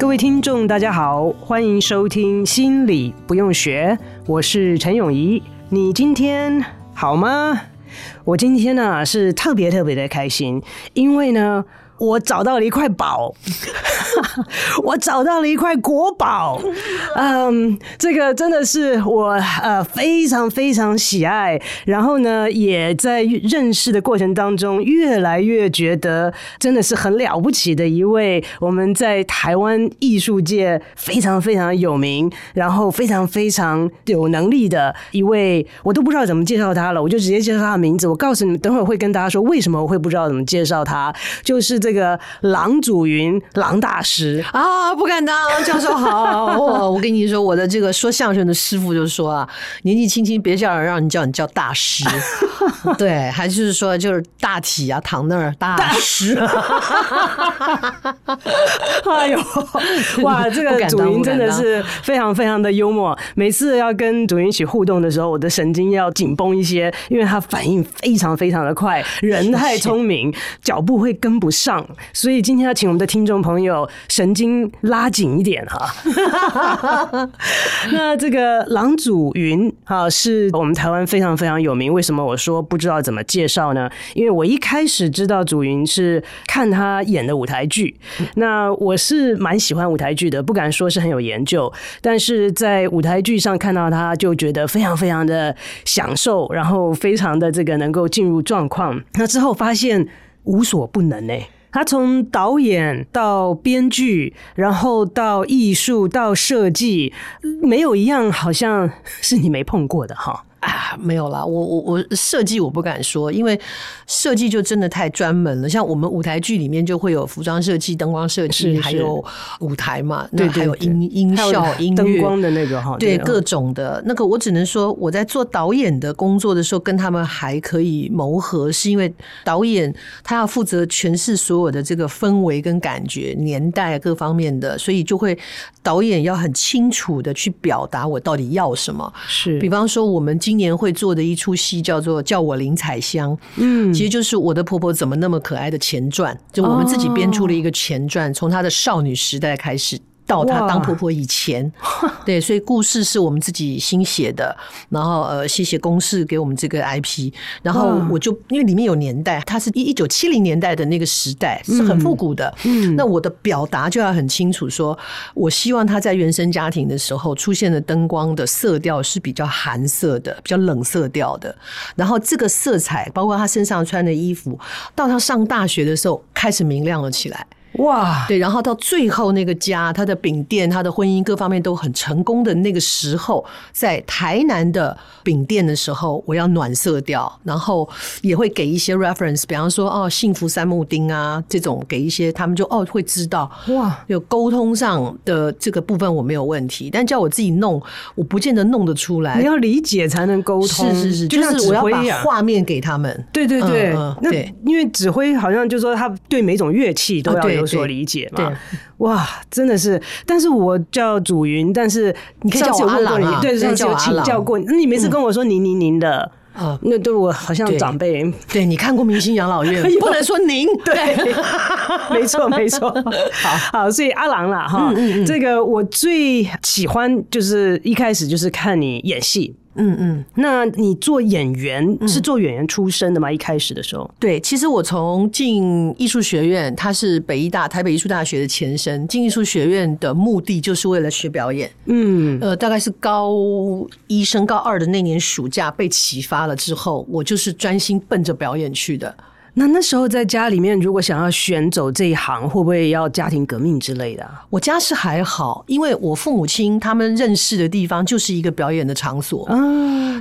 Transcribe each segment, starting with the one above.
各位聽眾，大家好，歡迎收聽《心理不用學》，我是陳永怡。你今天好嗎？我今天呢、啊、是特別特別的開心，因為呢。我找到了一塊寶， 我找到了一塊國寶。嗯、um,，這個真的是我呃非常非常喜愛，然後呢，也在認識的過程當中，越來越覺得真的是很了不起的一位。我們在台灣藝術界非常非常有名，然後非常非常有能力的一位，我都不知道怎麼介紹他了，我就直接介紹他的名字。我告訴你們，等會兒會跟大家說為什麼我會不知道怎麼介紹他，就是這個。這個郎祖筠，郎大師啊。不敢當，教授好。我、 哦、我跟你說，我的這個說相聲的師傅就說啊，年紀輕輕別叫人，讓你叫你叫大師， 對，還是說就是大體啊，躺那兒大師。 哎呦，哇，這個祖筠真的是非常非常的幽默。每次要跟祖筠一起互動的時候，我的神經要緊繃一些，因為他反應非常非常的快，人太聰明，謝謝腳步會跟不上。所以今天要請我們的聽眾朋友神經拉緊一點哈。 那這個郎祖筠啊，是我們台灣非常非常有名。為什麼我說不知道怎麼介紹呢？因為我一開始知道祖筠是看他演的舞台劇，那我是蠻喜歡舞台劇的，不敢說是很有研究，但是在舞台劇上看到他就覺得非常非常的享受，然後非常的這個能夠進入狀況。那之後發現無所不能呢、欸。他從導演到編劇，然後到藝術到設計，沒有一樣好像是你沒碰過的哈。啊，沒有啦，我我我設計我不敢說，因為設計就真的太專門了。像我們舞台劇裡面就會有服裝設計、燈光設計，是是還有舞台嘛，對是，還有音對對對音效、音樂、燈光的那個哈，對各種的那個，樂那個，我只能說我在做導演的工作的時候跟他們還可以謀合，是因為導演他要負責詮釋所有的這個氛圍跟感覺、年代各方面的，所以就會導演要很清楚的去表達我到底要什麼。是，比方說我們。今年會做的一齣戲叫做《叫我林彩香》，嗯，其實就是我的婆婆怎麼那麼可愛的前傳，就我們自己編出了一個前傳，從她的少女時代開始。到她當婆婆以前，對，所以故事是我們自己新寫的。然後呃，謝謝公視給我們這個 IP。然後我就因為裡面有年代，它是一一九七零年代的那個時代，是很復古的。嗯，那我的表達就要很清楚，說我希望她在原生家庭的時候出現的燈光的色調是比較寒色的，比較冷色調的。然後這個色彩，包括她身上穿的衣服，到她上大學的時候開始明亮了起來。哇，對，然後到最後那個家，他的餅店，他的婚姻各方面都很成功的那個時候，在台南的餅店的時候，我要暖色調，然後也會給一些 reference，比方說哦，幸福三丁目啊這種，給一些他們就哦會知道哇，有溝通上的這個部分我沒有問題，但叫我自己弄，我不見得弄得出來，你要理解才能溝通，是是是，就是我要把畫面給他們，對對對，嗯嗯、對那因為指揮好像就是說他對每種樂器都要、啊。對有所理解嘛？對，哇，真的是！但是我叫祖筠，但是你，你可以叫我阿郎、啊。對，對。有請教過你，啊嗯、你每次跟我說您您您的、嗯、那對我好像長輩。對，對你看過《明星養老院》，不能說您對，沒錯沒錯。 好好，所以阿郎啦哈，嗯嗯嗯、這個我最喜歡就是一開始就是看你演戲。嗯嗯，那你做演員是做演員出身的嗎？嗯、一開始的時候，對，其實我從進藝術學院，他是北藝大台北藝術大學的前身，進藝術學院的目的就是為了學表演。嗯，呃，大概是高一升高二的那年暑假被啟發了之後，我就是專心奔着表演去的。那那時候在家裡面，如果想要選走這一行，會不會要家庭革命之類的、啊？我家是還好，因為我父母親他們認識的地方就是一個表演的場所啊，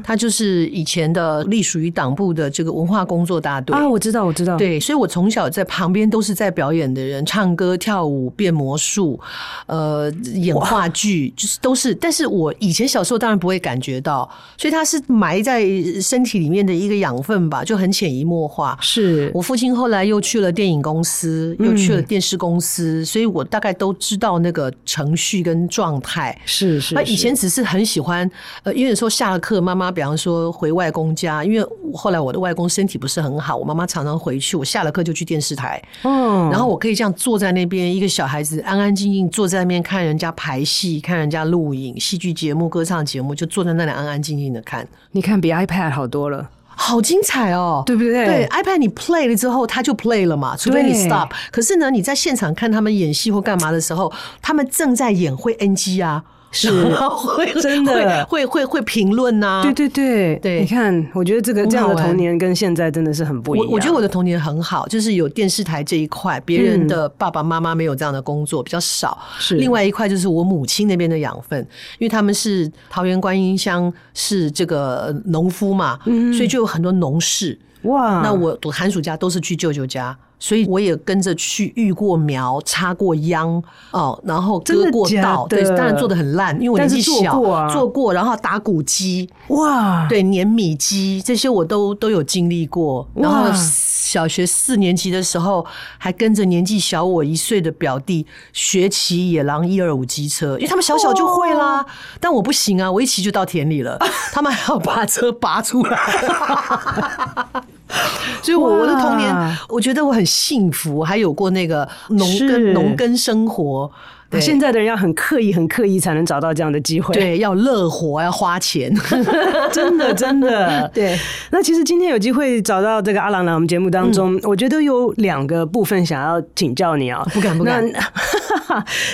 他、嗯、就是以前的隸屬於黨部的這個文化工作大隊啊。我知道，我知道，對，所以我從小在旁邊都是在表演的人，唱歌、跳舞、變魔術，呃，演話劇，哇就是都是。但是我以前小時候當然不會感覺到，所以它是埋在身體裡面的一個養分吧，就很潛移默化。是。我父親後來又去了電影公司，又去了電視公司，嗯，所以我大概都知道那個程序跟狀態。是是。他以前只是很喜歡，呃，因為說下了課，媽媽比方說回外公家，因為後來我的外公身體不是很好，我媽媽常常回去。我下了課就去電視台，嗯，然後我可以這樣坐在那邊，一個小孩子安安靜靜坐在那邊看人家排戲、看人家錄影、戲劇節目、歌唱節目，就坐在那裡安安靜靜的看。你看，比 iPad 好多了。好精彩哦，對不對？對，iPad 你 play 了之後，它就 play 了嘛，除非你 stop 對。可是呢，你在現場看他們演戲或幹嘛的時候，他們正在演會 NG 啊。是，會真的會會會、會評論吶、啊，對對對，對，你看，我覺得這個這樣的童年跟現在真的是很不一樣我。我覺得我的童年很好，就是有電視台這一塊，別人的爸爸媽媽沒有這樣的工作比較少。是、嗯，另外一塊就是我母親那邊的養分，是因為他們是桃園觀音鄉，是這個農夫嘛，嗯、所以就有很多農事。哇！Wow. 那我，我寒暑假都是去舅舅家，所以我也跟着去育過苗、插過秧哦，然後割過稻，真的假的？對，當然做的很爛，因為我年紀小，做過，啊、做過，然後打谷機，哇，Wow. 對，碾米機這些我都都有經歷過，然後。Wow. 然後小學四年級的時候，還跟着年紀小我一歲的表弟學騎野狼一二五機車，因為他們小小就會啦，哦、但我不行啊，我一騎就到田裡了，啊、他們還要把車拔出來。啊 所以，我我的童年，哇我覺得我很幸福，還有過那個農耕、農是耕生活對、啊。現在的人要很刻意、很刻意才能找到這樣的機會，對，要樂活，要花錢， 真的，真的。對，那其實今天有機會找到這個阿郎來我們節目當中，嗯、我覺得有兩個部分想要請教你啊、哦，不敢不敢。那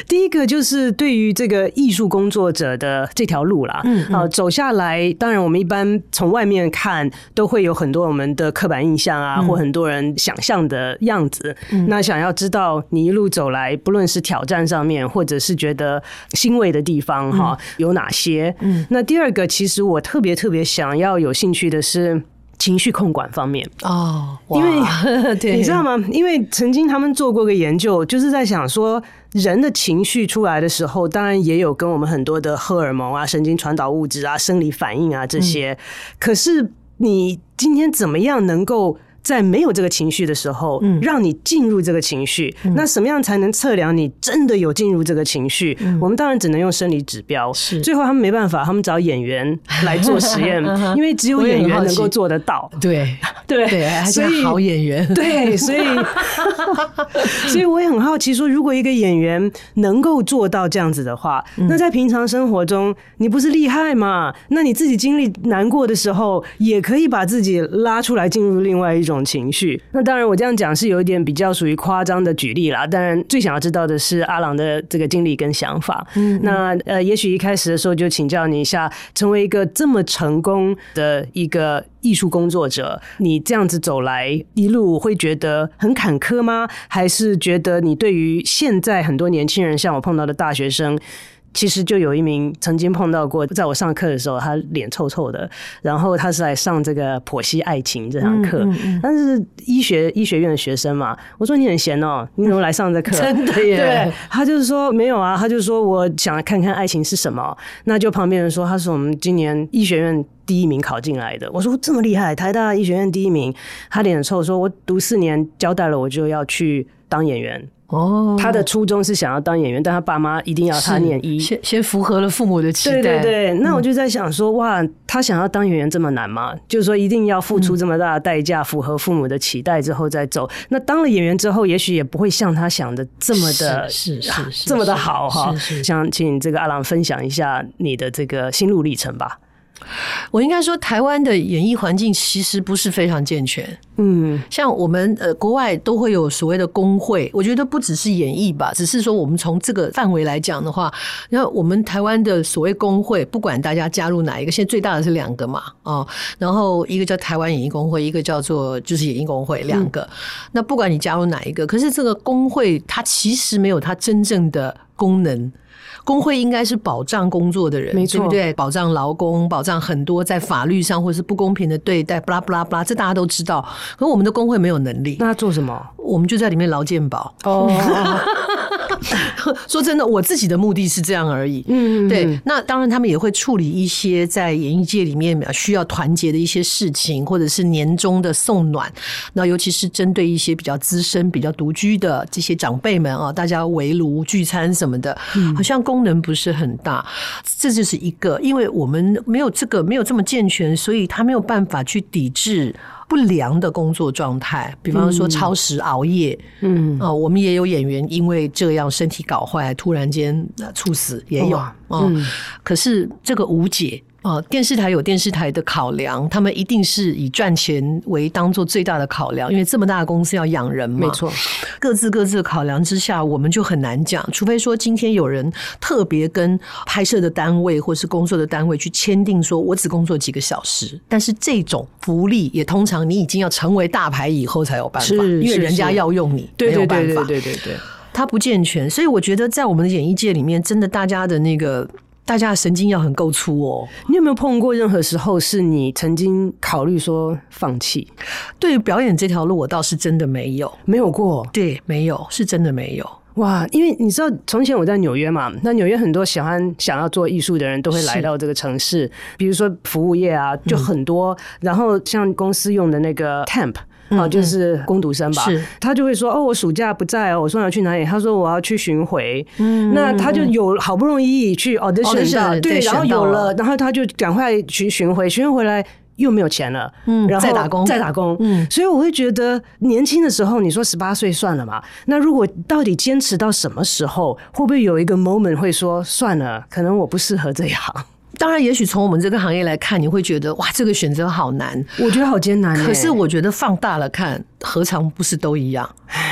第一個就是對於這個藝術工作者的這條路啦，嗯啊，走下來，當然我們一般從外面看都會有很多我們的刻板印象啊，或很多人想象的樣子。那想要知道你一路走來，不論是挑戰上面，或者是覺得欣慰的地方哈，有哪些？嗯，那第二個，其實我特別特別想要有興趣的是情緒控管方面哦，因為你知道嗎？因為曾經他們做過個研究，就是在想說，人的情緒出來的時候，當然也有跟我們很多的荷爾蒙啊、神經傳導物質啊、生理反應啊這些。嗯。可是你今天怎麼樣能夠？在沒有這個情緒的時候，嗯，讓你進入這個情緒，那什麼樣才能測量你真的有進入這個情緒？我們當然只能用生理指標。是，最後他們沒辦法，他們找演員來做實驗，因為只有演員能夠做得到。對對，所以好演員。對，所以，所以我也很好奇，說如果一個演員能夠做到這樣子的話，那在平常生活中，你不是厲害嗎？那你自己經歷難過的時候，也可以把自己拉出來進入另外一種。種情緒，那當然，我這樣講是有一點比較屬於誇張的舉例啦。當然，最想要知道的是阿郎的這個經歷跟想法。嗯，那呃，也許一開始的時候就請教你一下，成為一個這麼成功的一個藝術工作者，你這樣子走來一路會覺得很坎坷嗎？還是覺得你對於現在很多年輕人，像我碰到的大學生，其實就有一名曾經碰到過，在我上課的時候，他臉臭臭的，然後他是來上這個婆媳愛情這堂課，嗯嗯嗯，但是醫學醫學院的學生嘛，我說你很閒哦，你怎麼來上這課？嗯、真的耶？對，他就是說沒有啊，他就是說我想看看愛情是什麼。那就旁邊人說他是我們今年醫學院第一名考進來的，我說這麼厲害，台大醫學院第一名，他臉臭說，我讀四年交代了，我就要去當演員。哦，oh, 他的初衷是想要當演員，但他爸媽一定要他念醫，先先符合了父母的期待。對對對，嗯、那我就在想說，哇，他想要當演員這麼難嗎？就是說，一定要付出這麼大的代價，嗯、符合父母的期待之後再走。那當了演員之後，也許也不會像他想的這麼的，是是是，這麼的好哈。是是是，想請這個阿郎分享一下你的這個心路歷程吧。我應該說，台灣的演藝環境其實不是非常健全。嗯，像我們呃，國外都會有所謂的工會，我覺得不只是演藝吧，只是說我們從這個範圍來講的話，那我們台灣的所謂工會，不管大家加入哪一個，現在最大的是兩個嘛，哦，然後一個叫台灣演藝工會，一個叫做就是演藝工會，兩個。那不管你加入哪一個，可是這個工會它其實沒有它真正的功能。工會應該是保障工作的人，沒錯，對不對？保障勞工，保障很多在法律上或是不公平的對待，不啦不啦不啦，這大家都知道。可是我們的工會沒有能力，那做什麼？我們就在裡面勞健保。Oh, uh. 說真的，我自己的目的是這樣而已。嗯哼，對。那當然，他們也會處理一些在演藝界裡面需要團結的一些事情，或者是年終的送暖。那尤其是針對一些比較資深、比較獨居的這些長輩們啊，大家圍爐聚餐什麼的，嗯、好像功能不是很大。這就是一個，因為我們沒有這個，沒有這麼健全，所以他沒有辦法去抵制。不良的工作狀態，比方說超時熬夜，嗯啊、呃，我們也有演員因為這樣身體搞壞，突然間、呃、猝死也有，哦啊呃、嗯，可是這個無解。哦，電視台有電視台的考量，他們一定是以賺錢為當做最大的考量，因為這麼大的公司要養人嘛。沒錯，各自各自的考量之下，我們就很難講。除非說今天有人特別跟拍攝的單位或是工作的單位去簽訂，說我只工作幾個小時，但是這種福利也通常你已經要成為大牌以後才有辦法，是，因為人家要用你，是，是沒有辦法。對對對，對，對，對對對，他不健全，所以我覺得在我們的演藝界裡面，真的大家的那個。大家的神經要很夠粗哦。你有沒有碰過任何時候是你曾經考慮說放棄？對於表演這條路，我倒是真的沒有，沒有過。對，沒有，是真的沒有。哇，因為你知道，從前我在紐約嘛，那紐約很多喜歡想要做藝術的人都會來到這個城市，是比如說服務業啊，就很多。嗯、然後像公司用的那個 Temp。嗯嗯啊，就是工讀生吧，是他就會說哦，我暑假不在哦，我說要去哪裡？他說我要去巡迴，嗯，嗯，嗯，那他就有好不容易去 audition 嗯嗯嗯、哦、對，然後有了，了然後他就趕快去巡迴，巡迴回來又沒有錢了，嗯，然後再打工，嗯、再打工，嗯，所以我會覺得年輕的時候，你說十八歲算了嘛？那如果到底堅持到什麼時候，會不會有一個 moment 會說算了，可能我不適合這一行？當然，也許從我們這個行業來看，你會覺得哇，這個選擇好難，我覺得好艱難欸。可是，我覺得放大了看，何嘗不是都一樣？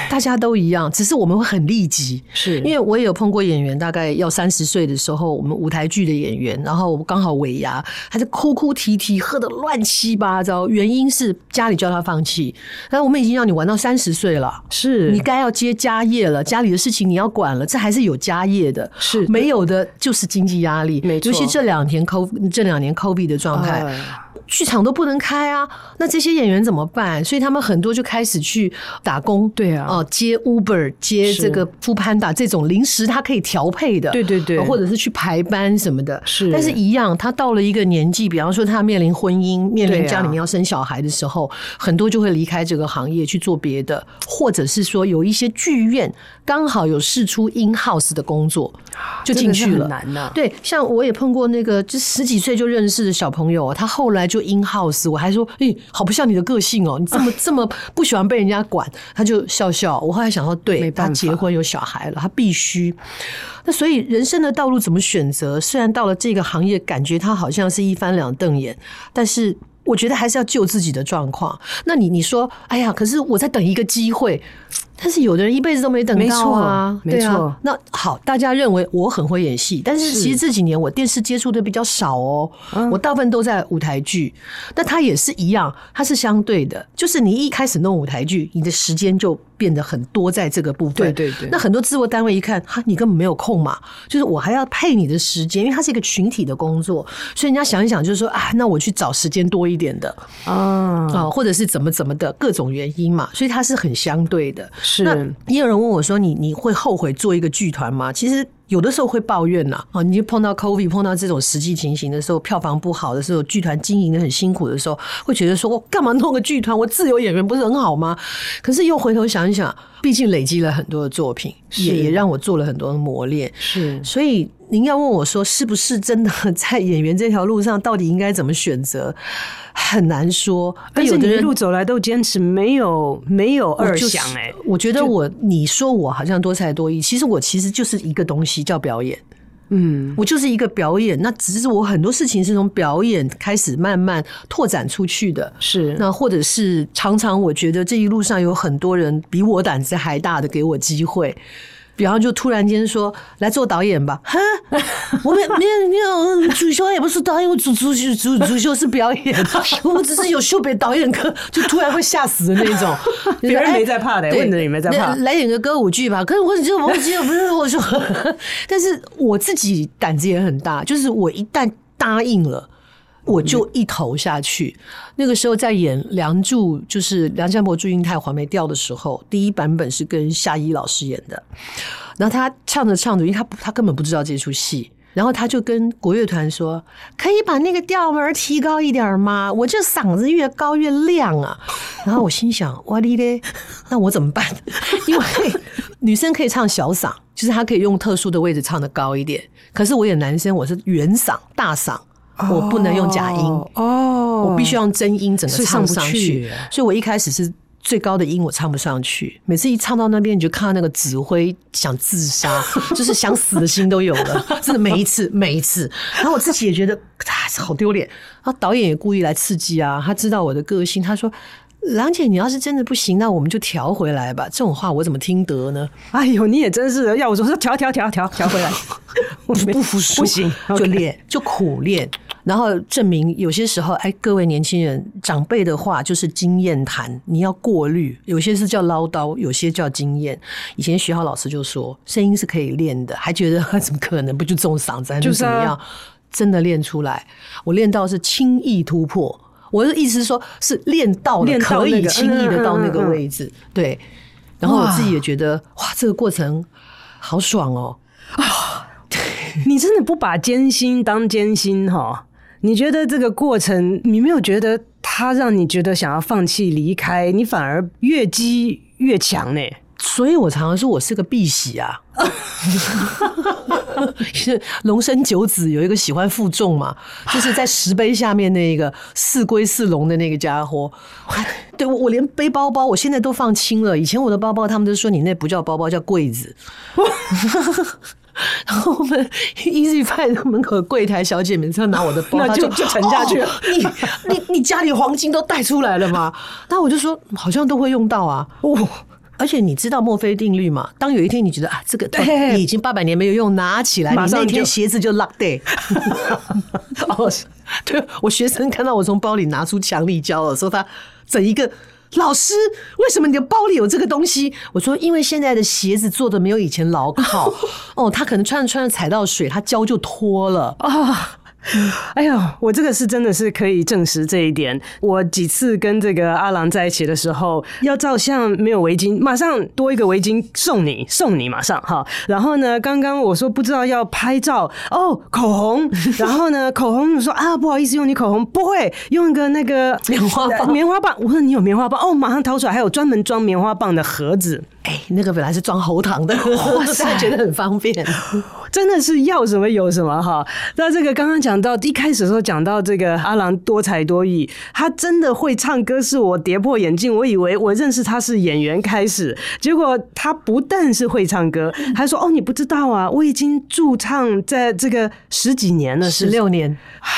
大家都一樣，只是我們會很立即。是因為我也有碰過演員，大概要三十歲的時候，我們舞台劇的演員，然後剛好尾牙，還是哭哭啼啼，喝得亂七八糟。原因是家裡叫他放棄，但我們已經讓你玩到三十歲了，是你該要接家業了，家裡的事情你要管了。這還是有家業的，是沒有的就是經濟壓力。沒錯。尤其這兩年 COVID，這兩年 COVID 的狀態。啊劇場都不能開啊，那這些演員怎麼辦？所以他們很多就開始去打工，對啊，哦接 Uber 接這個 Foodpanda 這種臨時，他可以調配的，對對對，或者是去排班什麼的。是，但是一樣，他到了一個年紀，比方說他面臨婚姻、面臨家裡面要生小孩的時候，啊、很多就會離開這個行業去做別的，或者是說有一些劇院剛好有試出 in house 的工作，就進去了。很難吶、啊，對，像我也碰過那個就十幾歲就認識的小朋友，他後來就。In House，我還說，咦、欸，好不像你的個性哦、喔，你這麼 這麼不喜歡被人家管，他就笑笑。我後來想說，對，他結婚有小孩了，他必須。那所以人生的道路怎麼選擇？雖然到了這個行業，感覺他好像是一翻兩瞪眼，但是我覺得還是要救自己的狀況。那你你說，哎呀，可是我在等一個機會。但是有的人一輩子都沒等到，沒錯啊，沒錯錯。啊、那好，大家認為我很會演戲，但是其實這幾年我電視接觸的比較少哦，是我大部分都在舞台劇。嗯、但它也是一樣，它是相對的，就是你一開始弄舞台劇，你的時間就變得很多在這個部分。對對對。那很多制作單位一看，哈，你根本沒有空嘛，就是我還要配你的時間，因為它是一個群體的工作，所以人家想一想，就是說啊，那我去找時間多一點的啊，嗯、或者是怎麼怎麼的各種原因嘛，所以它是很相對的。是，那也有人問我說你：“你你會後悔做一個劇團嗎？”其實有的時候會抱怨吶，啊，你就碰到 COVID，碰到這種實際情形的時候，票房不好的時候，劇團經營得很辛苦的時候，會覺得說：“我幹嘛弄個劇團？我自由演員不是很好嗎？”可是又回頭想一想。畢竟累積了很多的作品，也是吧 也讓我做了很多的磨練。是吧，所以您要問我說，是不是真的在演員這條路上，到底應該怎麼選擇，很難說。而且你一路走來都堅持，沒有沒有二想、欸。哎，我覺得我，就 你說我好像多才多藝，其實我其實就是一個東西，叫表演。嗯，我就是一個表演。那只是我很多事情是從表演開始，慢慢拓展出去的。是，那或者是常常，我覺得這一路上有很多人比我膽子還大的，給我機會。比方就突然間說來做導演吧？哈，我們沒， 沒有沒有主修也不是導演，我主主主主修是表演，我只是有修點導演課，就突然會嚇死的那種。 別人沒在怕的、欸， 問的人也沒在怕。來演個歌舞劇吧？可是我只記得我只有不是我說呵呵，但是我自己膽子也很大，就是我一旦答應了。我就一投下去，嗯、那個時候在演《梁祝》，就是梁山伯祝英台黃梅調的時候，第一版本是跟夏依老師演的。然後他唱着唱着，因為他不他根本不知道這出戲，然後他就跟國樂團說：“ 可以把那個調門提高一點嗎？我這嗓子越高越亮啊。”然後我心想：“我的嘞，那我怎麼辦？ 因為 女生可以唱小嗓，就是她可以用特殊的位置唱得高一點。可是我演男生，我是圓嗓大嗓。”我不能用假音哦，oh, oh, 我必須用真音，整個唱不上去。所以，上不上去，所以我一開始是最高的音，我唱不上去。每次一唱到那邊，你就看到那個指揮想自殺， 就是想死的心都有了。真的，每一次，每一次，然後我自己也覺得，好丟臉。然後導演也故意來刺激啊，他知道我的個性，他說。郎姐，你要是真的不行，那我們就調回來吧。這種話我怎麼聽得呢？哎呦，你也真是的！要我說，說調調調調調回來， 我就不服輸，不行，不行 Okay. 就練，就苦練。然後證明有些時候，哎，各位年輕人，長輩的話就是經驗談，你要過濾。有些是叫嘮叨，有些叫經驗。以前徐浩老師就說，聲音是可以練的，還覺得怎麼可能？不就這種嗓子，就怎麼樣？是啊、真的練出來，我練到是輕易突破。我的意思是說，是練到練到可以輕易的到那個位置，對。然後我自己也覺得，哇，這個過程好爽哦啊！你真的不把艱辛當艱辛哈、哦？你覺得這個過程，你沒有覺得它讓你覺得想要放棄離開，你反而越積越強呢？所以我常常說，我是個贔屭啊，是龍 生九子，有一個喜歡負重嘛，就是在石碑下面那個似龜似龍的那個家伙。對，我我連背包包，我現在都放輕了。以前我的包包，他們都說你那不叫包包，叫櫃子。 然後我們 Easy 派的門口櫃檯小姐每次拿我的包， 那就沉下去了。哦、你你你家裡黃金都帶出來了嗎？ 那我就說，好像都會用到啊。哦而且你知道墨菲定律嗎？當有一天你覺得啊，這個你已經八百年沒有用，嘿嘿拿起來，馬上你那天鞋子就爛。 oh, 對，我學生看到我從包裡拿出強力膠了，說他整一個老師，為什麼你的包裡有這個東西？我說因為現在的鞋子做的沒有以前牢靠哦，oh. oh, 他可能穿着穿着踩到水，他膠就脫了啊。Oh. 哎呦，我這個是真的是可以證實這一點。我幾次跟這個阿郎在一起的時候，要照相沒有圍巾，馬上多一個圍巾送你，送你馬上哈。然後呢，剛剛我說不知道要拍照，哦，口紅。然後呢，口紅我說啊，不好意思用你口紅，不會用一個那個棉花棒，棉花棒。我說你有棉花棒哦，馬上掏出來，還有專門裝棉花棒的盒子。哎，那個本來是裝喉糖的，我現在覺得很方便。真的是要什麼有什麼哈！那這個剛剛講到一開始的時候，講到這個阿郎多才多藝，他真的會唱歌，是我跌破眼鏡。我以為我認識他是演員，開始結果他不但是會唱歌，還說哦，你不知道啊，我已經駐唱在這個十幾年了，十六年。唉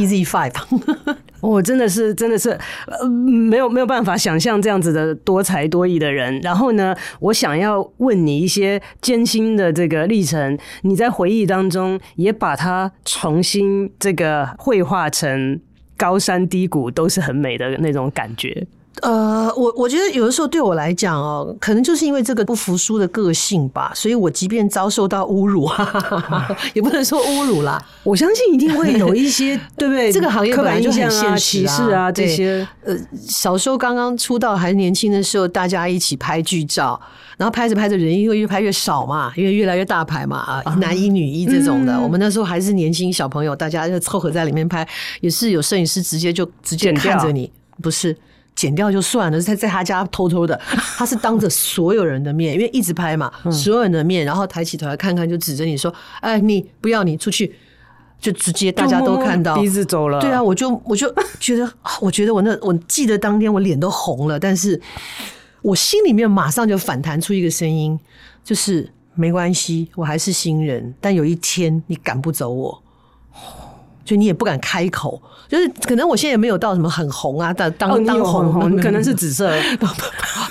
Easy Five。 我、oh, 真的是，真的是，呃，沒有沒有辦法想象這樣子的多才多藝的人。然後呢，我想要問你一些艱辛的這個歷程，你在回憶當中也把它重新這個繪畫成高山低谷，都是很美的那種感覺。呃，我我覺得有的時候對我來講哦，可能就是因為這個不服輸的個性吧，所以我即便遭受到侮辱，哈哈哈，哈，也不能說侮辱啦。 我相信一定會有一些， 對不對？這個行業刻板印象啊、歧視啊，啊這些。呃，小時候剛剛出道還是年輕的時候，大家一起拍劇照，然後拍着拍着人又越拍越少嘛，因為越來越大牌嘛啊，uh huh. 男一女一這種的。嗯、我們那時候還是年輕小朋友，大家就湊合在裡面拍，也是有攝影師直接就直接看着你，掉不是？剪掉就算了，在在他家偷偷的，他是當着所有人的面， 因為一直拍嘛，所有人的面，然後抬起頭來看看，就指着你說：“哎，你不要，你出去。”就直接大家都看到第一次走了。 對啊，我就我就覺得，我覺得我那我記得當天我臉都紅了，但是我心裡面馬上就反彈出一個聲音，就是沒關係，我還是新人。但有一天你趕不走我。就你也不敢開口，就是可能我現在也沒有到什麼很紅啊，當當、哦、當紅，紅嗯、可能是紫色，不好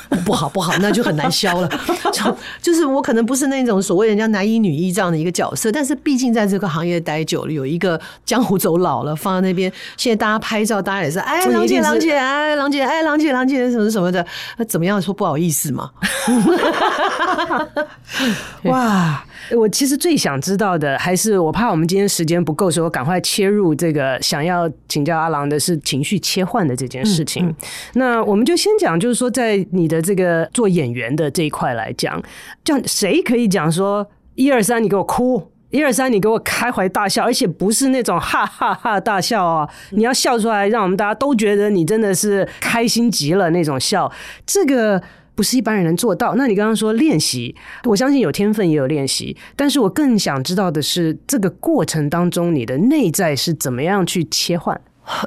不，不， 不好， 那就很難消了就。就是我可能不是那種所謂人家男一女一這樣的一個角色，但是畢竟在這個行業待久了，有一個江湖走老了放在那邊。現在大家拍照，大家也是哎，郎姐郎姐，哎郎姐哎郎姐郎姐什麼什麼的，怎麼樣說不好意思嘛？ 哇！我其實最想知道的，還是我怕我們今天時間不夠，所以我趕快切入這個想要請教阿郎的是情緒切換的這件事情。嗯。嗯，那我們就先講，就是說在你的這個做演員的這一塊來講，就誰可以講說一二三，你給我哭；一二三，你給我開懷大笑，而且不是那種哈哈哈哈大笑啊，哦，你要笑出來，讓我們大家都覺得你真的是開心極了那種笑。這個。不是一般人能做到。那你剛剛說練習，我相信有天分也有練習，但是我更想知道的是這個過程當中你的內在是怎麼樣去切換。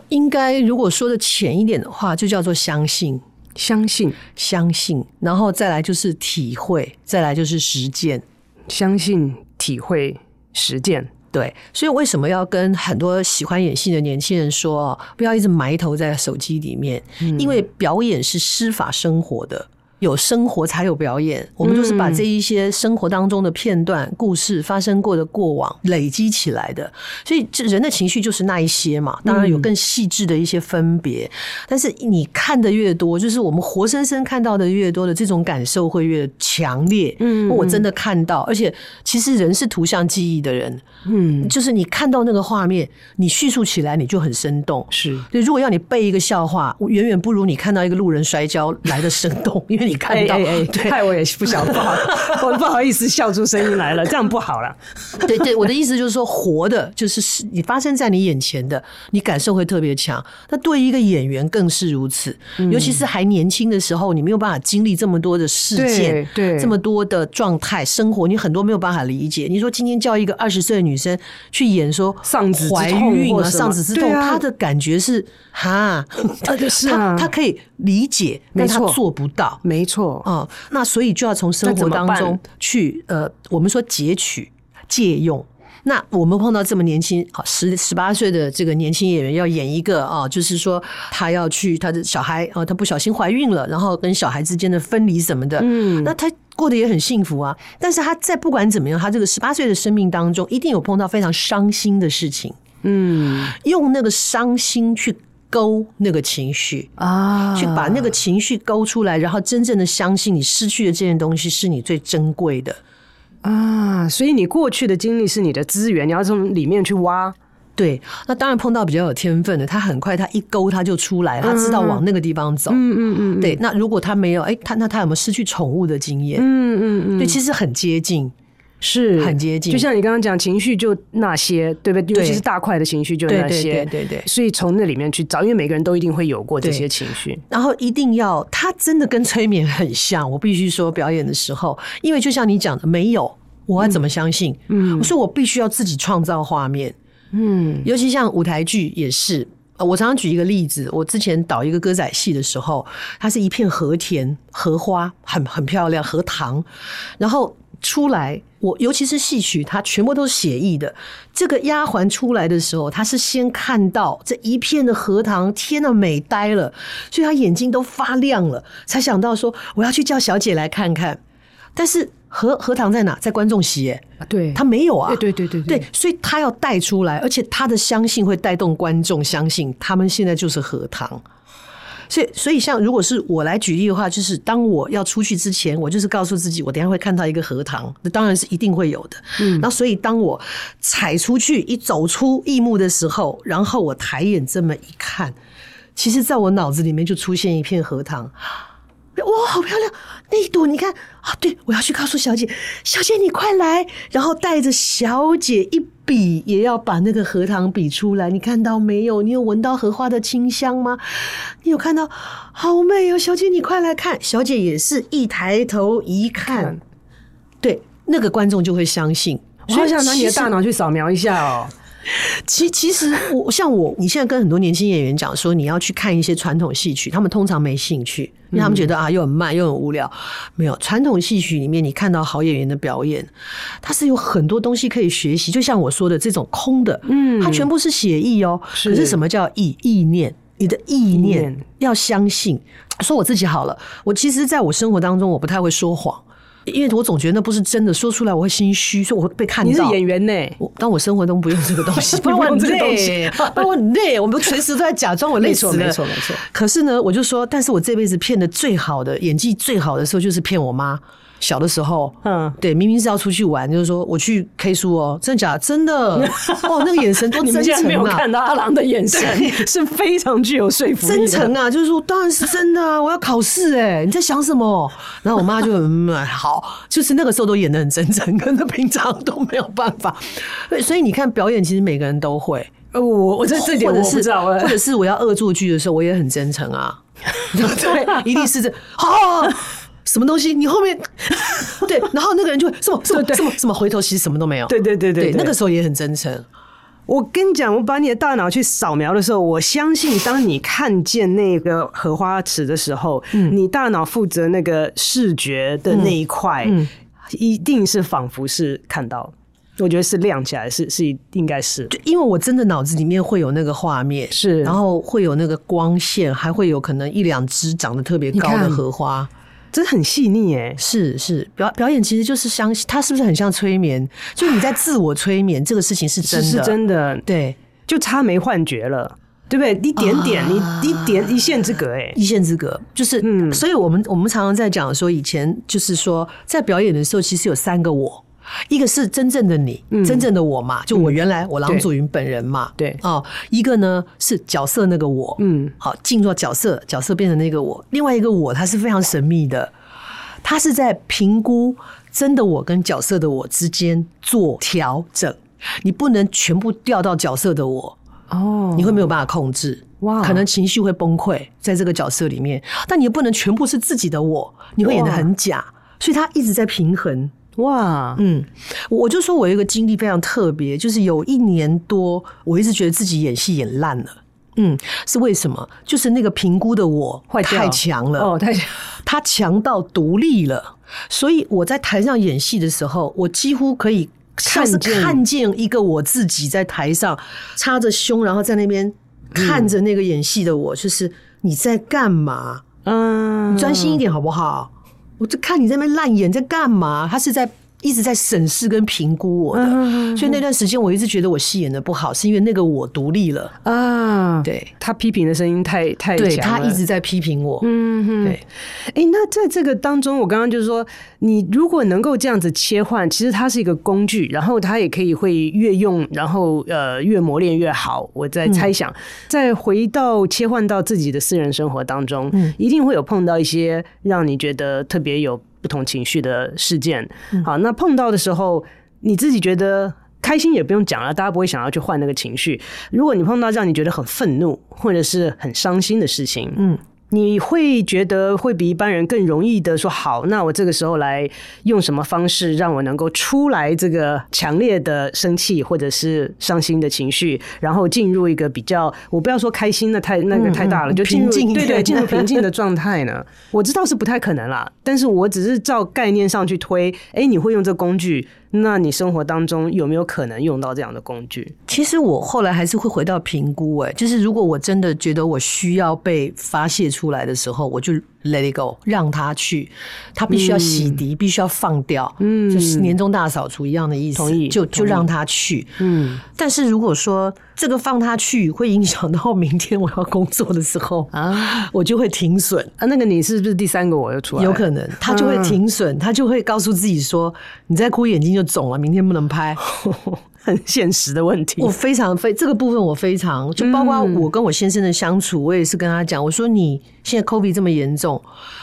應該如果說的淺一點的話，就叫做相信，相信，相信，然後再來就是體會，再來就是實踐，相信、體會、實踐。對，所以為什麼要跟很多喜歡演戲的年輕人說，不要一直埋頭在手機裡面，嗯、因為表演是師法生活的。有生活才有表演，我們就是把這一些生活當中的片段、故事發生過的過往累積起來的。所以，這人的情緒就是那一些嘛。當然有更細緻的一些分別，嗯、但是你看得越多，就是我們活生生看到的越多的這種感受會越強烈。嗯，我真的看到，而且其實人是圖像記憶的人。嗯，就是你看到那個畫面，你敘述起來你就很生動。是對，如果要你背一個笑話，遠遠不如你看到一個路人摔跤來的生動，因為。你看到了，對，害我也不想報，我不好意思笑出聲音來了，這樣不好了。對對，對，我的意思就是說，活的就是你發生在你眼前的，你感受會特別強。那對於一個演員更是如此，尤其是還年輕的時候，你沒有辦法經歷這麼多的事件，對，這麼多的狀態、生活，你很多沒有辦法理解。你說今天叫一個二十歲的女生去演說喪子懷孕或者喪子之痛，她的感覺是哈，她就是她，她可以理解，但她做不到沒。沒錯，啊、哦，那所以就要從生活當中去，呃，我們說截取、借用。那我們碰到這麼年輕，好，十十八歲的這個年輕演員要演一個啊、哦，就是說他要去他的小孩啊、哦，他不小心懷孕了，然後跟小孩之間的分離什麼的，嗯，那他過得也很幸福啊。但是他在不管怎麼樣，他這個十八歲的生命當中，一定有碰到非常傷心的事情，嗯，用那個傷心去。勾那個情緒啊，去把那個情緒勾出來，然後真正的相信你失去的這件東西是你最珍貴的啊，所以你過去的經歷是你的資源，你要從裡面去挖。對，那當然碰到比較有天分的，他很快他一勾他就出來，嗯，他知道往那個地方走。嗯嗯嗯，嗯嗯對。那如果他沒有，哎，他那他有沒有失去寵物的經驗？嗯嗯嗯，嗯嗯對，其實很接近。是很接近，就像你剛剛講，情緒就那些，對不對？對，尤其是大塊的情緒，就那些，對對。對對對對，所以從那裡面去找，因為每個人都一定會有過這些情緒。然後一定要，它真的跟催眠很像。我必須說，表演的時候，因為就像你講的，沒有，我要怎麼相信？嗯，我、嗯、說我必須要自己創造畫面。嗯，尤其像舞台劇也是。我常常舉一個例子，我之前導一個歌仔戲的時候，它是一片荷田荷花，很很漂亮，荷塘，然後出來。我尤其是戲曲，它全部都是寫意的。這個丫鬟出來的時候，她是先看到這一片的荷塘，天哪、啊，美呆了，所以她眼睛都發亮了，才想到說我要去叫小姐來看看。但是荷荷塘在哪？在觀眾席、欸啊，對，他沒有啊，對，對對對對，對，所以他要帶出來，而且他的相信會帶動觀眾相信，他們現在就是荷塘。所以，所以像如果是我來舉例的話，就是當我要出去之前，我就是告訴自己，我等一下會看到一個荷塘，那當然是一定會有的。嗯，然後所以當我踩出去，一走出翼幕的時候，然後我抬眼這麼一看，其實在我腦子裡面就出現一片荷塘。哇，好漂亮！那一朵，你看啊，對！我要去告訴小姐，小姐你快來。然後帶着小姐一比，也要把那個荷塘比出來。你看到沒有？你有聞到荷花的清香嗎？你有看到？好美哦，小姐你快來看，小姐也是一抬頭一看，看，對，那個觀眾就會相信。所以，我好想拿你的大腦去掃描一下哦。其其實，我像我，你現在跟很多年輕演員講說，你要去看一些傳統戲曲，他們通常沒興趣，因為他們覺得啊，又很慢，又很無聊。沒有，傳統戲曲裡面，你看到好演員的表演，他是有很多東西可以學習。就像我說的，這種空的，嗯，他全部是寫意哦。可是什麼叫意？意念，你的意念要相信。說我自己好了，我其實，在我生活當中，我不太會說謊。因為我總覺得那不是真的，說出來我會心虛，所以我會被看到。你是演員呢，當我生活中不用這個東西， 你不用這個東西，不用累， 我們隨時都在假裝，我累死了。沒錯沒錯。沒錯。可是呢，我就說，但是我這輩子騙得最好的，演技最好的時候，就是騙我媽。小的時候，嗯，對，明明是要出去玩，就是說我去 K 書哦、喔，真的假的？真的，哦。那個眼神都真誠、啊、你們現在沒有看到阿郎的眼神對是非常具有說服力的，真誠啊，就是說當然是真的啊！我要考試哎、欸，你在想什麼？然後我媽就 嗯，好，就是那個時候都演的很真誠，可是平常都沒有辦法。對，所以你看表演，其實每個人都會。呃，我我這這點我不知道、欸，或者是我要惡作劇的時候，我也很真誠啊。對，一定是這 什麼東西？你後面 對，然後那個人就會什麼什麼什麼什麼什，回頭，其實什麼都沒有。對對對對,對,對,對，那個時候也很真誠。我跟你講，我把你的大腦去掃描的時候，我相信當你看見那個荷花池的時候，嗯、你大腦負責那個視覺的那一塊，嗯嗯、一定是仿佛是看到，我覺得是亮起來是，是是應該是，是就因為我真的腦子裡面會有那個畫面，是，然後會有那個光線，還會有可能一兩枝長得特別高的荷花。真的很細膩哎，是是，表表演其實就是相信他是不是很像催眠？就是你在自我催眠 這個事情是真的，是，是真的對，就差沒幻覺了，對不對？一點點，你、uh、一,一點一線之隔哎，一線之隔、欸、線之隔就是，嗯、所以我們我們常常在講說以前就是說在表演的時候，其實有三個我。一個是真正的你，嗯、真正的我嘛，就我原來、嗯、我郎祖筠本人嘛，對啊。對，一個呢，是角色那個我，嗯，好進入到角色，角色變成那個我。另外一個我，他是非常神秘的，他是在評估真的我跟角色的我之間，做調整。你不能全部掉到角色的我哦，你會沒有辦法控制哇，可能情緒會崩潰在這個角色裡面。但你又不能全部是自己的我，你會演得很假，哇所以他一直在平衡。哇，Wow. 嗯，我就說我有一個經歷非常特別，就是有一年多，我一直覺得自己演戲演爛了。嗯，是為什麼？就是那個評估的我太強了，壞掉了，哦，太強了。他強到獨立了，所以我在台上演戲的時候，我幾乎可以像是看見一個我自己在台上見插着胸，然後在那邊看着那個演戲的我，嗯，就是你在幹嘛？嗯，uh，專心一點好不好？我就看你那邊爛演在幹嘛？他是在。一直在審視跟評估我的，uh huh. 所以那段時間我一直覺得我戲演得不好，uh huh. 是因為那個我獨立了啊。Uh huh. 對，他批評的聲音太太強了，他一直在批評我。嗯、uh，huh. 對、欸。那在這個當中，我剛剛就是說，你如果能夠這樣子切換，其實它是一個工具，然後它也可以會越用，然後呃越磨練越好。我在猜想，再、uh huh. 回到切換到自己的私人生活當中，uh huh. 一定會有碰到一些讓你覺得特別有。不同情緒的事件，好，嗯，那碰到的時候，你自己覺得開心也不用講了，大家不會想要去換那個情緒。如果你碰到讓你覺得很憤怒或者是很傷心的事情，嗯。你會覺得會比一般人更容易的說好，那我這個時候來用什麼方式讓我能夠出來這個強烈的生氣或者是傷心的情緒，然後進入一個比較，我不要說開心的，太那個太大了，嗯、就進入平靜，對對，進入平靜的狀態呢？ 我知道是不太可能啦，但是我只是照概念上去推，哎，你會用這個工具。那你生活當中有沒有可能用到這樣的工具？其實我後來還是會回到評估，欸，哎，就是如果我真的覺得我需要被發洩出來的時候，我就。Let it go，讓他去，他必須要洗滌，嗯、必須要放掉，嗯，就是年終大掃除一樣的意思，同意，就就讓他去，同意。但是如果說這個放他去，會影響到明天我要工作的時候啊，我就會停損啊。那個你是不是第三個我要出來了？有可能他就會停損，他就會告訴自己說：“啊、你再哭，眼睛就腫了，明天不能拍。 ”很現實的問題。我非常非這個部分，我非常就包括我跟我先生的相處，我也是跟他講，我說你現在 COVID 這麼嚴重，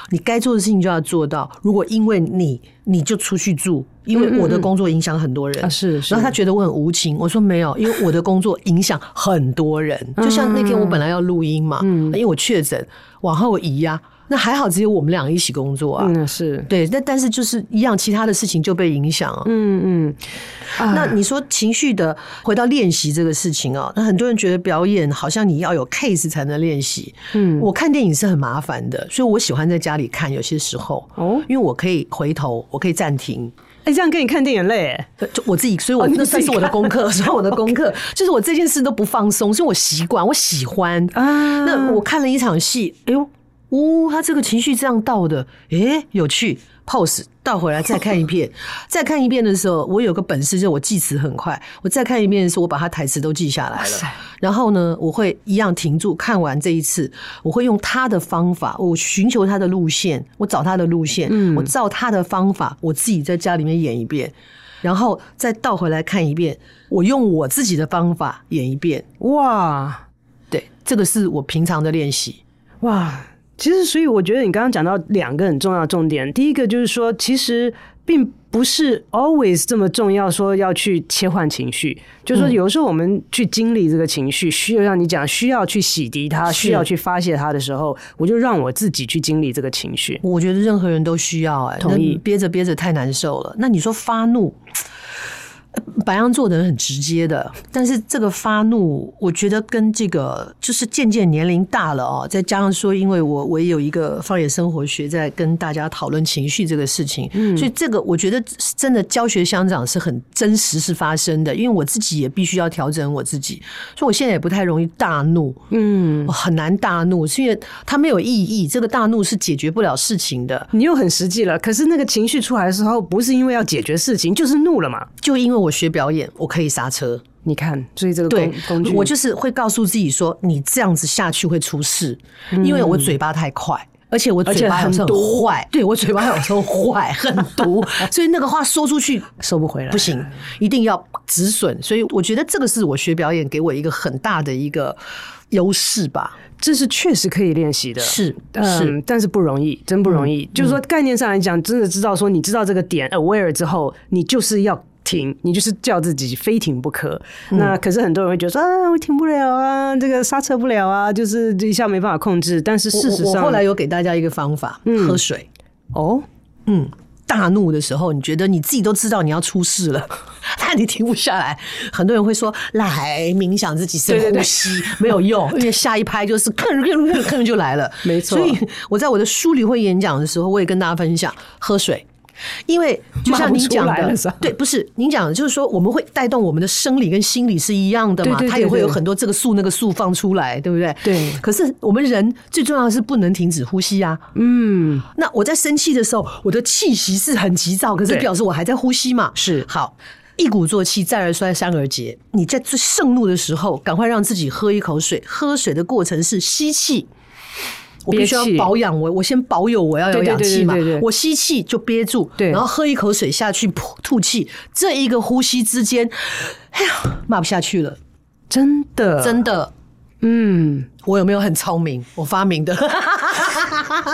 你該做的事情就要做到。如果因為你你就出去住，因為我的工作影響很多人，是。是。然後他覺得我很無情，我說沒有，因為我的工作影響很多人。就像那天我本來要錄音嘛，嗯，因為我確診往後移呀、啊。那還好，只有我們倆一起工作啊。嗯，是對。那但是就是一樣，其他的事情就被影響了。嗯嗯。Uh, 那你說情緒的回到練習這個事情哦、喔，那很多人覺得表演好像你要有 case 才能練習。嗯，我看電影是很麻煩的，所以我喜歡在家裡看。有些時候哦，因為我可以回頭，我可以暫停。哎、欸，這樣跟你看電影累。就我自己，所以我、oh, 那算是我的功課。所以我的功課 Okay. 就是我這件事都不放鬆，所以我習慣，我喜歡。Uh, 那我看了一場戲，哎呦，嗚、哦，他這個情緒這樣到的，哎、欸，有趣。pose 倒回來再看一遍，oh. 再看一遍的時候，我有個本事，就是我記詞很快。我再看一遍的時候，我把他台詞都記下來了。Oh. 然後呢，我會一樣停住，看完這一次，我會用他的方法，我尋求他的路線，我找他的路線，mm. 我照他的方法，我自己在家裡面演一遍，然後再倒回來看一遍，我用我自己的方法演一遍。哇，Wow. 對，這個是我平常的練習。哇。Wow. 其實，所以我覺得你剛剛講到兩個很重要的重點。第一個就是說，其實並不是 always 這麼重要，說要去切換情緒。就是說有時候我們去經歷這個情緒，嗯、需要像你講，需要去洗滌它，需要去發洩它的時候，是我就讓我自己去經歷這個情緒。我覺得任何人都需要、欸，哎，同意。憋着憋着太難受了。那你說，發怒。白羊座的人很直接的，但是這個發怒，我覺得跟這個就是漸漸年齡大了哦，再加上說，因為我我也有一個放眼生活學在跟大家討論情緒這個事情，嗯，所以這個我覺得真的教學相長是很真實是發生的，因為我自己也必須要調整我自己，所以我現在也不太容易大怒，嗯，我很難大怒，是因為它沒有意義，這個大怒是解決不了事情的，你又很實際了，可是那個情緒出來的時候，不是因為要解決事情，就是怒了嘛，就因為。我學表演，我可以剎車。你看，所以這個對工具，我就是會告訴自己說：“你這樣子下去會出事，因為我嘴巴太快，而且我嘴巴很壞。對，我嘴巴有時候壞，很毒，所以那個話說出去收不回來，不行，一定要止損。所以我覺得這個是我學表演給我一個很大的一個優勢吧。這是確實可以練習的，是，是，但是不容易，真不容易。就是說，概念上來講，真的知道說，你知道這個點 aware 之後，你就是要。停！你就是叫自己非停不可。嗯、那可是很多人會覺得說啊，我停不了啊，這個剎車不了啊，就是一下沒辦法控制。但是事實上，我，我後來有給大家一個方法：嗯、喝水。哦，嗯。大怒的時候，你覺得你自己都知道你要出事了， 那你停不下來。很多人會說，來冥想自己深呼吸，對，對，對，沒有用， 對因為下一拍就是吭吭吭就來了。沒錯。所以我在我的書裡會演講的時候，我也跟大家分享喝水。因為就像您講的，對，不是您講的，就是說我們會帶動我們的生理跟心理是一樣的嘛，它也會有很多這個素那個素放出來，對不對？對。可是我們人最重要的是不能停止呼吸啊。嗯。那我在生氣的時候，我的氣息是很急躁，可是表示我還在呼吸嘛。是。好，一鼓作氣，再而衰，三而竭。你在最盛怒的時候，趕快讓自己喝一口水。喝水的過程是吸氣。我必須要保養我，氣我先保有我要有氧氣嘛。我吸氣就憋住，對然後喝一口水下去吐氣，這一個呼吸之間，哎呀，罵不下去了， 真的，真的，嗯，我有沒有很聰明？我發明的，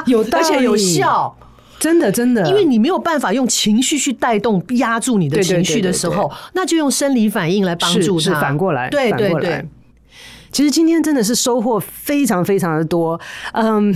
有道理，而且有效。真的真的，因為你沒有辦法用情緒去帶動壓住你的情緒的時候，那就用生理反應來幫助他，是是反過來，對，對對對。反過來其實今天真的是收穫非常非常的多，嗯，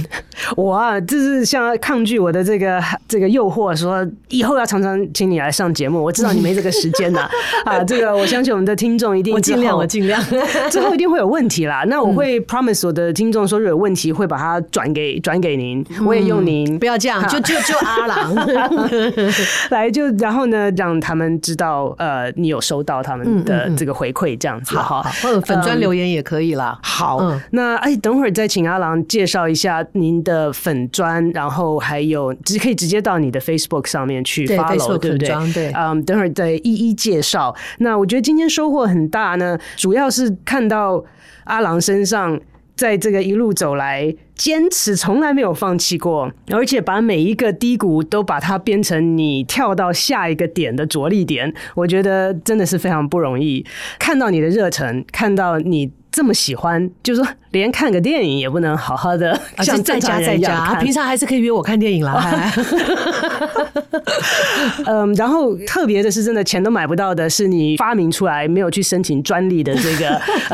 我啊就是像抗拒我的這個這個誘惑，說以後要常常請你來上節目，我知道你沒這個時間的，啊，這個我相信我們的聽眾一定我盡量，我盡量，最後一定會有問題啦，那我會 promise 我的聽眾說，如果有問題會把它轉給轉給您，我也用您，不要這樣，就就就阿郎，來就然後呢，讓他們知道呃，你有收到他們的這個回饋，這樣子，好好好，或者粉專留言也可以。可以了，好，嗯嗯、那哎，等會兒再請阿郎介紹一下您的粉專，然後還有只可以直接到你的 Facebook 上面去 follow，對不對？對，嗯，等會兒再一一介紹。那我覺得今天收穫很大呢，主要是看到阿郎身上，在這個一路走來，堅持從來沒有放棄過，而且把每一個低谷都把它變成你跳到下一個點的着力點，我覺得真的是非常不容易。看到你的熱忱，看到你。這麼喜歡，就是說，連看個電影也不能好好的像，像、啊、在家在家，啊，平常還是可以約我看電影啦。 嗯，然後特別的是，真的錢都買不到的，是你發明出來沒有去申請專利的這個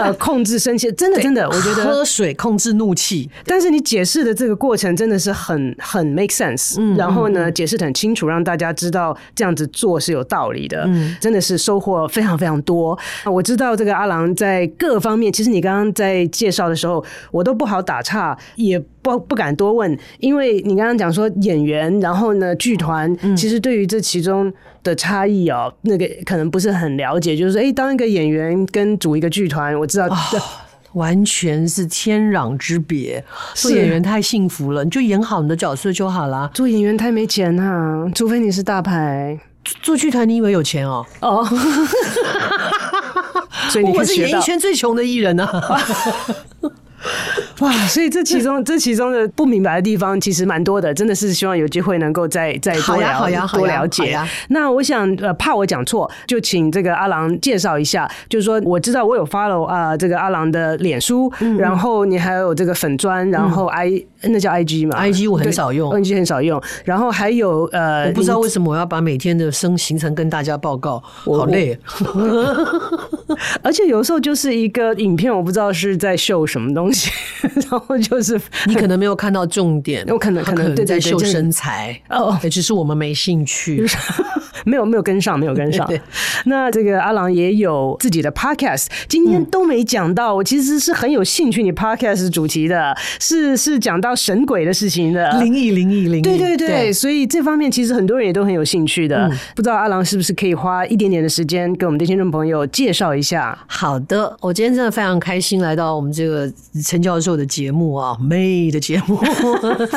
呃、 啊、控制生氣，真的真的，對我覺得喝水控制怒氣。但是你解釋的這個過程真的是很很 make sense，、嗯、然後呢、嗯、解釋得很清楚，嗯、讓大家知道這樣子做是有道理的，嗯、真的是收穫非常非常多、啊。我知道這個阿郎在各方面，其實你剛剛在介紹的時候，我都不好打岔，也不不敢多問，因為你剛剛講說演員，然後呢劇團，嗯嗯、其實對於這期。其中的差異哦，那個可能不是很了解。就是說，哎，當一個演員跟組一個劇團，我知道，哦、完全是天壤之別。是做演員太幸福了，你就演好你的角色就好了、啊。做演員太沒錢啊，除非你是大牌。做，做劇團，你以為有錢哦？哦， 所以你以我是演藝圈最窮的藝人啊。 哇，所以這其中這其中的不明白的地方其實蠻多的，真的是希望有機會能夠再再多了解多了解。好呀好呀，那我想呃，怕我講錯，就請這個阿郎介紹一下，就是說我知道我有 follow 啊，這個阿郎的臉書，嗯、然後你還有這個粉專，然後 I、嗯、那叫 IG 嘛，IG 我很少用，IG 很少用，然後還有呃，我不知道為什麼我要把每天的生行程跟大家報告，我好累。我 而且有時候就是一個影片，我不知道是在秀什麼東西， 然後就是你可能沒有看到重點，我可能可能對在秀身材。對對對哦、欸，只是我們沒興趣。 沒有沒有跟上，沒有跟上。那這個阿郎也有自己的 podcast，今天都沒講到。我、嗯、其實是很有興趣你 podcast 主題的，是是講到神鬼的事情的，靈異靈異靈異。對對對，對所以這方面其實很多人也都很有興趣的。嗯、不知道阿郎是不是可以花一點點的時間，跟我們的聽眾朋友介紹一下？好的，我今天真的非常開心來到我們這個陳教授的節目啊，妹的節目。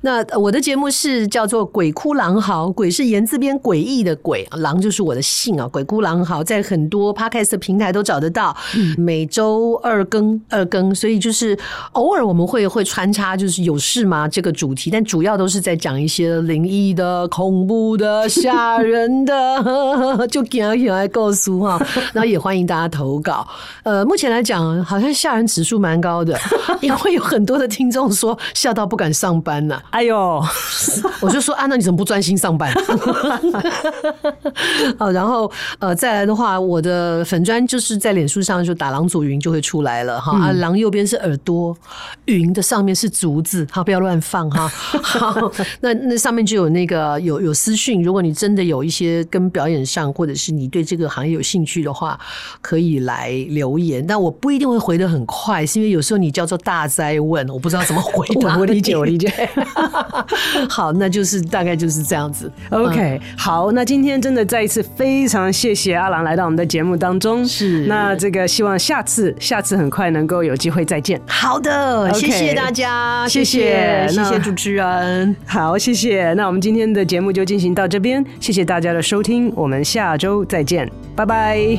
那我的節目是叫做《詭哭郎嚎》，鬼是言字邊，詭異的。鬼狼就是我的姓啊，詭哭郎嚎好，在很多 podcast 平台都找得到。每周二更、嗯、二更，所以就是偶爾我們會會穿插，就是有事嗎這個主題，但主要都是在講一些靈異的、恐怖的、嚇人的，就很害怕的故事哈。然後也歡迎大家投稿。呃，目前來講，好像嚇人指數蠻高的，因為有很多的聽眾說嚇到不敢上班呐、啊。哎呦喲， 我就說啊，那你怎麼不專心上班？ 哈，好，然後呃，再來的話，我的粉專就是在臉書上就打“郎祖筠”就會出來了哈、嗯啊。郎右邊是耳朵，雲的上面是竹子，哈，不要亂放哈。好， 好那那上面就有那個有有私訊，如果你真的有一些跟表演上或者是你對這個行業有興趣的話，可以來留言。但我不一定會回得很快，是因為有時候你叫做大哉問，我不知道怎麼回答。我理解。我理解，理解。好，那就是大概就是這樣子。OK，、嗯、好，嗯、那。今天真的再一次非常謝謝阿郎來到我們的節目當中，是，那這個希望下次下次很快能夠有機會再見。好的，okay, 謝謝大家，謝謝謝謝，謝謝主持人，好謝謝。那我們今天的節目就進行到這邊，謝謝大家的收聽，我們下周再見，拜拜。